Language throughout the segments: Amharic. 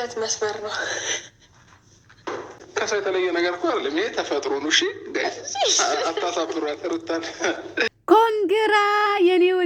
ሁለት መስመር ነው። ከሰው የተለየ ነገር እኮ አይደለም። ይሄ ተፈጥሮ ነው። እሺ አታሳብሩ። ያጠሩታል። ኮንግራ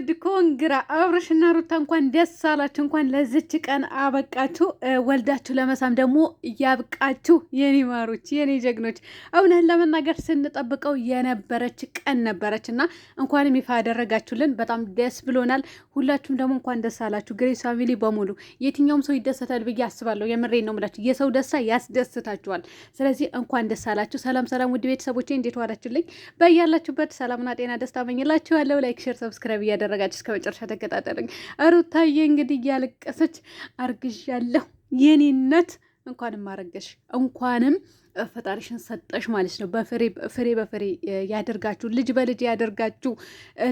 ውድ ኮንግራ አብርሽና ሩታ እንኳን ደስ አላችሁ፣ እንኳን ለዝች ቀን አበቃችሁ። ወልዳችሁ ለመሳም ደግሞ እያብቃችሁ የኔ ማሮች፣ የኔ ጀግኖች። እውነት ለመናገር ስንጠብቀው የነበረች ቀን ነበረች እና እንኳንም ይፋ ያደረጋችሁልን በጣም ደስ ብሎናል። ሁላችሁም ደግሞ እንኳን ደስ አላችሁ ግሬ ፋሚሊ በሙሉ። የትኛውም ሰው ይደሰታል ብዬ አስባለሁ። የምሬ ነው ምላችሁ፣ የሰው ደስታ ያስደስታችኋል። ስለዚህ እንኳን ደስ አላችሁ። ሰላም ሰላም፣ ውድ ቤተሰቦቼ እንዴት ዋላችሁልኝ? በያላችሁበት ሰላምና ጤና ደስታ መኝላችኋለሁ። ላይክ፣ ሼር፣ ሰብስክራይብ እያደረ እያደረጋችሁ እስከ መጨረሻ ተከታተሉኝ። ሩታዬ እንግዲህ እያለቀሰች አርግዣለሁ የኔነት እንኳንም አረገሽ እንኳንም ፈጣሪሽን ሰጠሽ ማለት ነው። በፍሬ በፍሬ ያደርጋችሁ፣ ልጅ በልጅ ያደርጋችሁ።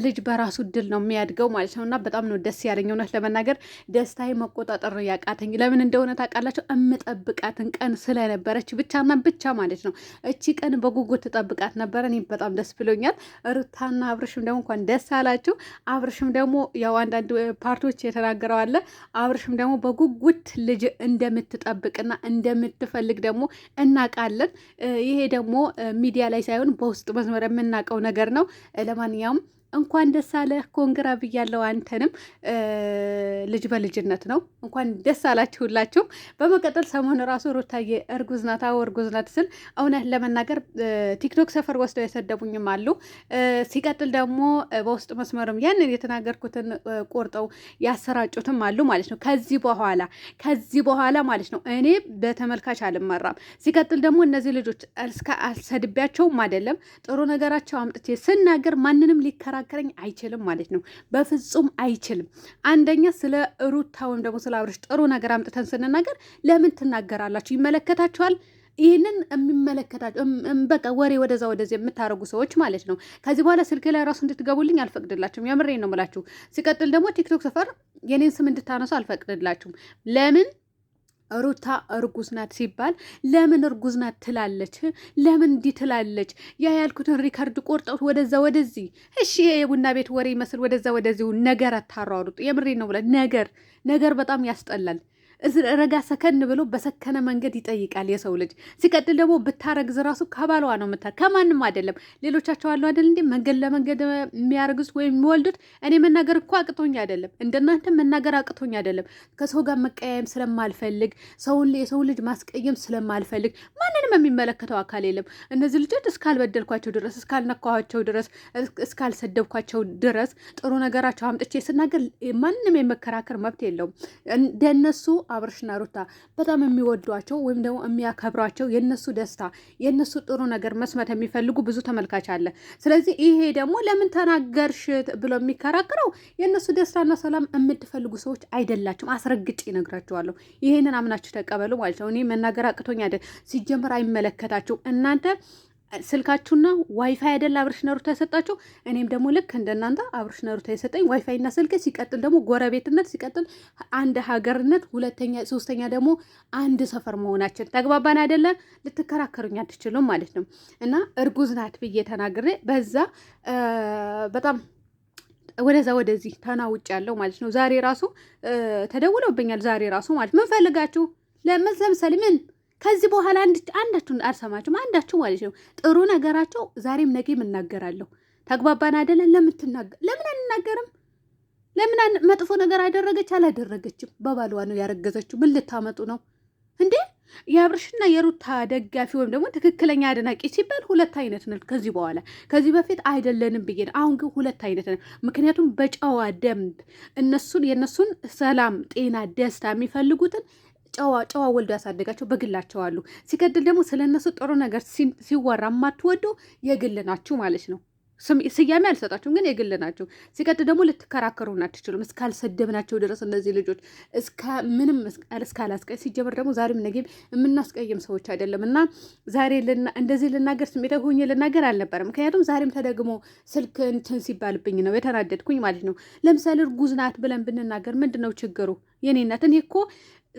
ልጅ በራሱ ድል ነው የሚያድገው ማለት ነው እና በጣም ነው ደስ ያለኝ። እውነት ለመናገር ደስታዬ መቆጣጠር ነው ያቃተኝ። ለምን እንደሆነ ታውቃላችሁ? እምጠብቃትን ቀን ስለነበረች ብቻና ብቻ ማለት ነው። እቺ ቀን በጉጉት ትጠብቃት ነበረ። እኔም በጣም ደስ ብሎኛል። ሩታና አብርሽም ደግሞ እንኳን ደስ አላችሁ። አብርሽም ደግሞ ያው አንዳንድ ፓርቶች የተናገረው አለ። አብርሽም ደግሞ በጉጉት ልጅ እንደምትጠብቅና እንደምትፈልግ ደግሞ እናቃለን። እናውቃለን። ይሄ ደግሞ ሚዲያ ላይ ሳይሆን በውስጥ መስመር የምናውቀው ነገር ነው። ለማንኛውም እንኳን ደስ አለህ ኮንግራ ብያለሁ። አንተንም ልጅ በልጅነት ነው እንኳን ደስ አላችሁላችሁ። በመቀጠል ሰሞኑ ራሱ ሩታዬ እርጉዝ ናት፣ አዎ እርጉዝ ናት ስል እውነት ለመናገር ቲክቶክ ሰፈር ወስደው የሰደቡኝም አሉ። ሲቀጥል ደግሞ በውስጥ መስመርም ያንን የተናገርኩትን ቆርጠው ያሰራጩትም አሉ ማለት ነው። ከዚህ በኋላ ከዚህ በኋላ ማለት ነው እኔ በተመልካች አልመራም። ሲቀጥል ደግሞ እነዚህ ልጆች እስከ አልሰድቢያቸውም አይደለም ጥሩ ነገራቸው አምጥቼ ስናገር ማንንም ሊከራ ሊያጠናክረኝ አይችልም ማለት ነው። በፍጹም አይችልም። አንደኛ ስለ ሩታ ወይም ደግሞ ስለ አብርሽ ጥሩ ነገር አምጥተን ስንናገር ለምን ትናገራላችሁ? ይመለከታችኋል ይህንን የሚመለከታቸው በቃ ወሬ ወደዛ ወደዚህ የምታደርጉ ሰዎች ማለት ነው። ከዚህ በኋላ ስልክ ላይ ራሱ እንድትገቡልኝ አልፈቅድላችሁም። የምሬ ነው ምላችሁ ሲቀጥል ደግሞ ቲክቶክ ሰፈር የኔን ስም እንድታነሱ አልፈቅድላችሁም። ለምን ሩታ እርጉዝ ናት ሲባል ለምን እርጉዝ ናት ትላለች? ለምን እንዲህ ትላለች? ያ ያልኩትን ሪከርድ ቆርጠው ወደዛ ወደዚህ። እሺ ይሄ የቡና ቤት ወሬ ይመስል ወደዛ ወደዚሁ ነገር አታሯሩጡ። የምሬ ነው ብለ ነገር ነገር በጣም ያስጠላል። ረጋ ሰከን ብሎ በሰከነ መንገድ ይጠይቃል የሰው ልጅ። ሲቀጥል ደግሞ ብታረግዝ ራሱ ከባሏ ነው ምታ ከማንም አይደለም። ሌሎቻቸው አሉ አይደል እንዴ መንገድ ለመንገድ የሚያረግዙት ወይም የሚወልዱት። እኔ መናገር እኮ አቅቶኝ አይደለም፣ እንደናንተ መናገር አቅቶኝ አይደለም። ከሰው ጋር መቀያየም ስለማልፈልግ፣ ሰውን የሰው ልጅ ማስቀየም ስለማልፈልግ ማንንም የሚመለከተው አካል የለም። እነዚህ ልጆች እስካልበደልኳቸው ድረስ፣ እስካልነኳቸው ድረስ፣ እስካልሰደብኳቸው ድረስ ጥሩ ነገራቸው አምጥቼ ስናገር ማንም የመከራከር መብት የለውም እንደነሱ አብርሽና ሩታ በጣም የሚወዷቸው ወይም ደግሞ የሚያከብሯቸው የነሱ ደስታ የነሱ ጥሩ ነገር መስመት የሚፈልጉ ብዙ ተመልካች አለ። ስለዚህ ይሄ ደግሞ ለምን ተናገርሽ ብሎ የሚከራከረው የእነሱ ደስታና ሰላም የምትፈልጉ ሰዎች አይደላቸውም አስረግጭ ይነግራቸዋለሁ። ይሄንን አምናችሁ ተቀበሉ ማለት ነው። እኔ መናገር አቅቶኝ አይደል፣ ሲጀምር አይመለከታቸው እናንተ ስልካችሁና ዋይፋይ አይደል አብርሽ ነሩ ተሰጣችሁ። እኔም ደግሞ ልክ እንደናንተ አብርሽ ነሩ ተሰጠኝ ዋይፋይ እና ስልክ፣ ሲቀጥል ደግሞ ጎረቤትነት፣ ሲቀጥል አንድ ሀገርነት፣ ሁለተኛ ሶስተኛ ደግሞ አንድ ሰፈር መሆናችን ተግባባን አይደለ? ልትከራከሩኝ አትችሉም ማለት ነው። እና እርጉዝ ናት ብዬ ተናግሬ በዛ በጣም ወደዛ ወደዚህ ተናውጭ ያለው ማለት ነው። ዛሬ ራሱ ተደውለውብኛል። ዛሬ ራሱ ማለት ምን ፈልጋችሁ ለምን ለምሳሌ ምን ከዚህ በኋላ አንዳችሁ አልሰማችሁም፣ አንዳችሁ ማለት ነው። ጥሩ ነገራቸው ዛሬም ነገም እናገራለሁ። ተግባባን አይደለ? ለምን አንናገርም? ለምን መጥፎ ነገር አደረገች አላደረገችም? በባሏ ነው ያረገዘችው። ምን ልታመጡ ነው እንዴ? የአብርሽና የሩታ ደጋፊ ወይም ደግሞ ትክክለኛ አድናቂ ሲባል ሁለት አይነት ነን። ከዚህ በኋላ ከዚህ በፊት አይደለንም ብዬ ነው። አሁን ግን ሁለት አይነት ነን። ምክንያቱም በጨዋ ደንብ እነሱን የእነሱን ሰላም፣ ጤና፣ ደስታ የሚፈልጉትን ጨዋ ጨዋ ወልዶ ያሳደጋቸው በግላቸው አሉ። ሲቀድል ደግሞ ስለነሱ ጥሩ ነገር ሲወራ ማትወዱ የግል ናችሁ ማለት ነው። ስያሜ አልሰጣችሁም፣ ግን የግል ናቸው። ሲቀጥል ደግሞ ልትከራከሩ አትችሉም። እስካልሰደብናቸው ድረስ እነዚህ ልጆች ምንም እስካላስቀ ሲጀምር ደግሞ ዛሬም ነገም የምናስቀይም ሰዎች አይደለም እና ዛሬ እንደዚህ ልናገር ስሜታ ሆኜ ልናገር አልነበረም። ምክንያቱም ዛሬም ተደግሞ ስልክ እንትን ሲባልብኝ ነው የተናደድኩኝ ማለት ነው። ለምሳሌ እርጉዝ ናት ብለን ብንናገር ምንድን ነው ችግሩ? የኔ እናት እኔ እኮ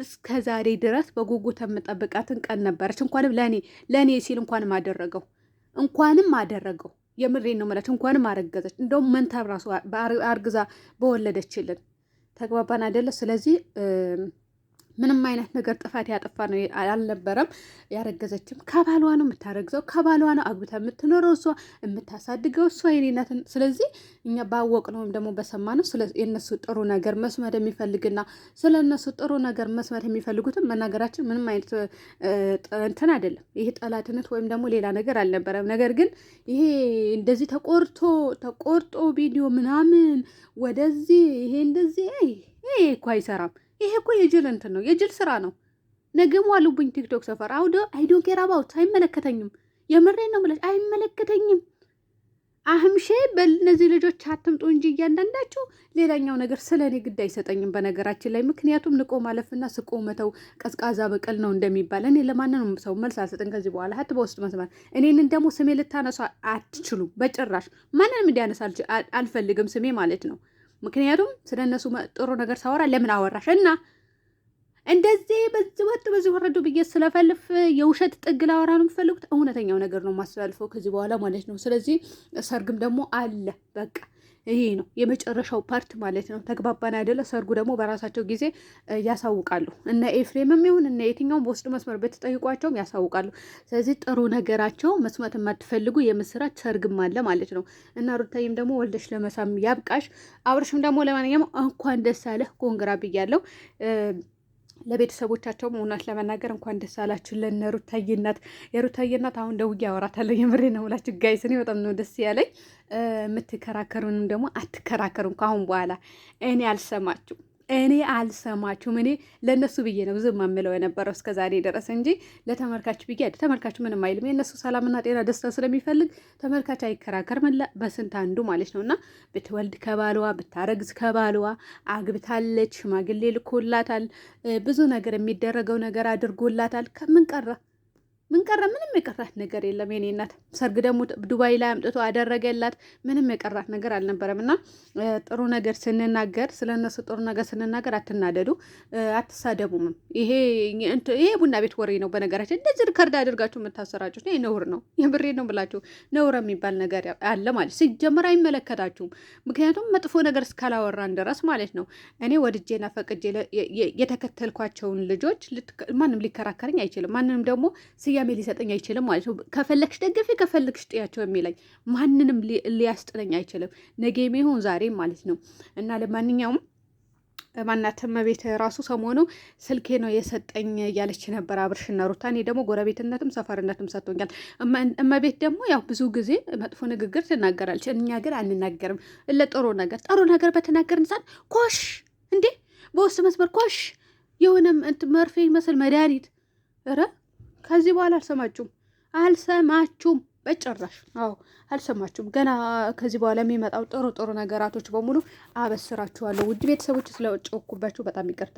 እስከ ዛሬ ድረስ በጉጉት የምጠብቃትን ቀን ነበረች። እንኳንም ለእኔ ለእኔ ሲል እንኳንም አደረገው እንኳንም አደረገው። የምሬን ነው መላች እንኳንም አረገዘች። እንደውም መንታ ራሱ አርግዛ በወለደችልን ተግባባን አይደለ? ስለዚህ ምንም አይነት ነገር ጥፋት ያጠፋ ነው አልነበረም። ያረገዘችም ከባሏ ነው የምታረግዘው፣ ከባሏ ነው አግብታ የምትኖረው፣ እሷ የምታሳድገው እሷ የኔነት። ስለዚህ እኛ ባወቅ ነው ወይም ደግሞ በሰማ ነው የእነሱ ጥሩ ነገር መስመድ የሚፈልግና ስለ እነሱ ጥሩ ነገር መስመድ የሚፈልጉትም መናገራችን ምንም አይነት እንትን አይደለም። ይሄ ጠላትነት ወይም ደግሞ ሌላ ነገር አልነበረም። ነገር ግን ይሄ እንደዚህ ተቆርቶ ተቆርጦ ቪዲዮ ምናምን ወደዚህ ይሄ እንደዚህ ይሄ እኮ አይሰራም። ይሄ እኮ የጅል እንትን ነው፣ የጅል ስራ ነው። ነገም ዋሉብኝ ቲክቶክ ሰፈር አውዶ አይዶን ኬር አባውት አይመለከተኝም። የምሬ ነው ብለሽ አይመለከተኝም። አህምሼ በእነዚህ ልጆች አትምጡ እንጂ እያንዳንዳችሁ ሌላኛው ነገር ስለ እኔ ግድ አይሰጠኝም። በነገራችን ላይ ምክንያቱም ንቆ ማለፍና ስቆ መተው ቀዝቃዛ በቀል ነው እንደሚባል እኔ ለማንንም ሰው መልስ አልሰጥን ከዚህ በኋላ ሀት በውስጥ መስመር እኔንን ደግሞ ስሜ ልታነሷ አትችሉም በጭራሽ። ማንንም እንዲያነሳ አልፈልግም ስሜ ማለት ነው። ምክንያቱም ስለ እነሱ ጥሩ ነገር ሳወራ ለምን አወራሽ እና እንደዚህ በዚህ ወጥ በዚህ ወረዱ ብዬ ስለፈልፍ የውሸት ጥግ ላወራ ነው የምፈልጉት። እውነተኛው ነገር ነው ማስተላልፈው ከዚህ በኋላ ማለት ነው። ስለዚህ ሰርግም ደግሞ አለ በቃ ይሄ ነው የመጨረሻው ፓርት ማለት ነው። ተግባባን አይደለ? ሰርጉ ደግሞ በራሳቸው ጊዜ ያሳውቃሉ። እነ ኤፍሬምም ይሁን እነ የትኛውም በውስጥ መስመር ብትጠይቋቸውም ያሳውቃሉ። ስለዚህ ጥሩ ነገራቸው መስማት የማትፈልጉ የምስራች ሰርግም አለ ማለት ነው እና ሩታይም ደግሞ ወልደሽ ለመሳም ያብቃሽ። አብርሽም ደግሞ ለማንኛውም እንኳን ደስ አለህ ኮንግራ ብያለሁ። ለቤተሰቦቻቸውም እውነት ለመናገር እንኳን ደስ አላችሁ። ለእነ ሩታዬ እናት የሩታዬ እናት አሁን ደውዬ አወራታለሁ። የምሬ ነው የምላችሁ ጋይስ፣ እኔ በጣም ነው ደስ ያለኝ። የምትከራከሩንም ደግሞ አትከራከሩ። ከአሁን በኋላ እኔ አልሰማችሁ እኔ አልሰማችሁም። እኔ ለእነሱ ብዬ ነው ዝም የምለው የነበረው እስከ ዛሬ ድረስ እንጂ ለተመልካች ብዬ ተመልካች ምንም አይልም። የእነሱ ሰላምና ጤና ደስታ ስለሚፈልግ ተመልካች አይከራከርም። በስንት አንዱ ማለት ነው እና ብትወልድ ከባልዋ ብታረግዝ ከባልዋ አግብታለች፣ ሽማግሌ ልኮላታል፣ ብዙ ነገር የሚደረገው ነገር አድርጎላታል። ከምን ቀረ ምን ቀረ? ምንም የቀራት ነገር የለም የኔ እናት። ሰርግ ደግሞ ዱባይ ላይ አምጥቶ አደረገላት። ምንም የቀራት ነገር አልነበረም። እና ጥሩ ነገር ስንናገር ስለ ስለነሱ ጥሩ ነገር ስንናገር አትናደዱ፣ አትሳደቡም። ይሄ ቡና ቤት ወሬ ነው። በነገራችን እንደዚህ ሪከርድ አድርጋችሁ የምታሰራጩት ይሄ ነውር ነው። የምሬ ነው ብላችሁ ነውር የሚባል ነገር አለ ማለት ሲጀምር አይመለከታችሁም። ምክንያቱም መጥፎ ነገር እስካላወራን ድረስ ማለት ነው። እኔ ወድጄና ፈቅጄ የተከተልኳቸውን ልጆች ማንም ሊከራከረኝ አይችልም። ማንም ደግሞ ስያ ስያሜ ሊሰጠኝ አይችልም ማለት ነው። ከፈለግሽ ደግፌ ከፈለግሽ ጥያቸው የሚለኝ ማንንም ሊያስጥለኝ አይችልም። ነገም ይሁን ዛሬም ማለት ነው እና ለማንኛውም ማናተመ ቤት ራሱ ሰሞኑ ስልኬ ነው የሰጠኝ እያለች ነበር አብርሽና ሩታ። እኔ ደግሞ ጎረቤትነትም ሰፈርነትም ሰጥቶኛል። እመቤት ደግሞ ያው ብዙ ጊዜ መጥፎ ንግግር ትናገራለች። እኛ ግን አንናገርም። ለጥሩ ነገር ጥሩ ነገር በተናገርን ሰዓት ኮሽ እንዴ በውስጥ መስመር ኮሽ የሆነም መርፌ መስል መድኃኒት ረ ከዚህ በኋላ አልሰማችሁም፣ አልሰማችሁም በጭራሽ። አዎ አልሰማችሁም። ገና ከዚህ በኋላ የሚመጣው ጥሩ ጥሩ ነገራቶች በሙሉ አበስራችኋለሁ። ውድ ቤተሰቦች ስለጨወኩባችሁ በጣም ይቅርታ።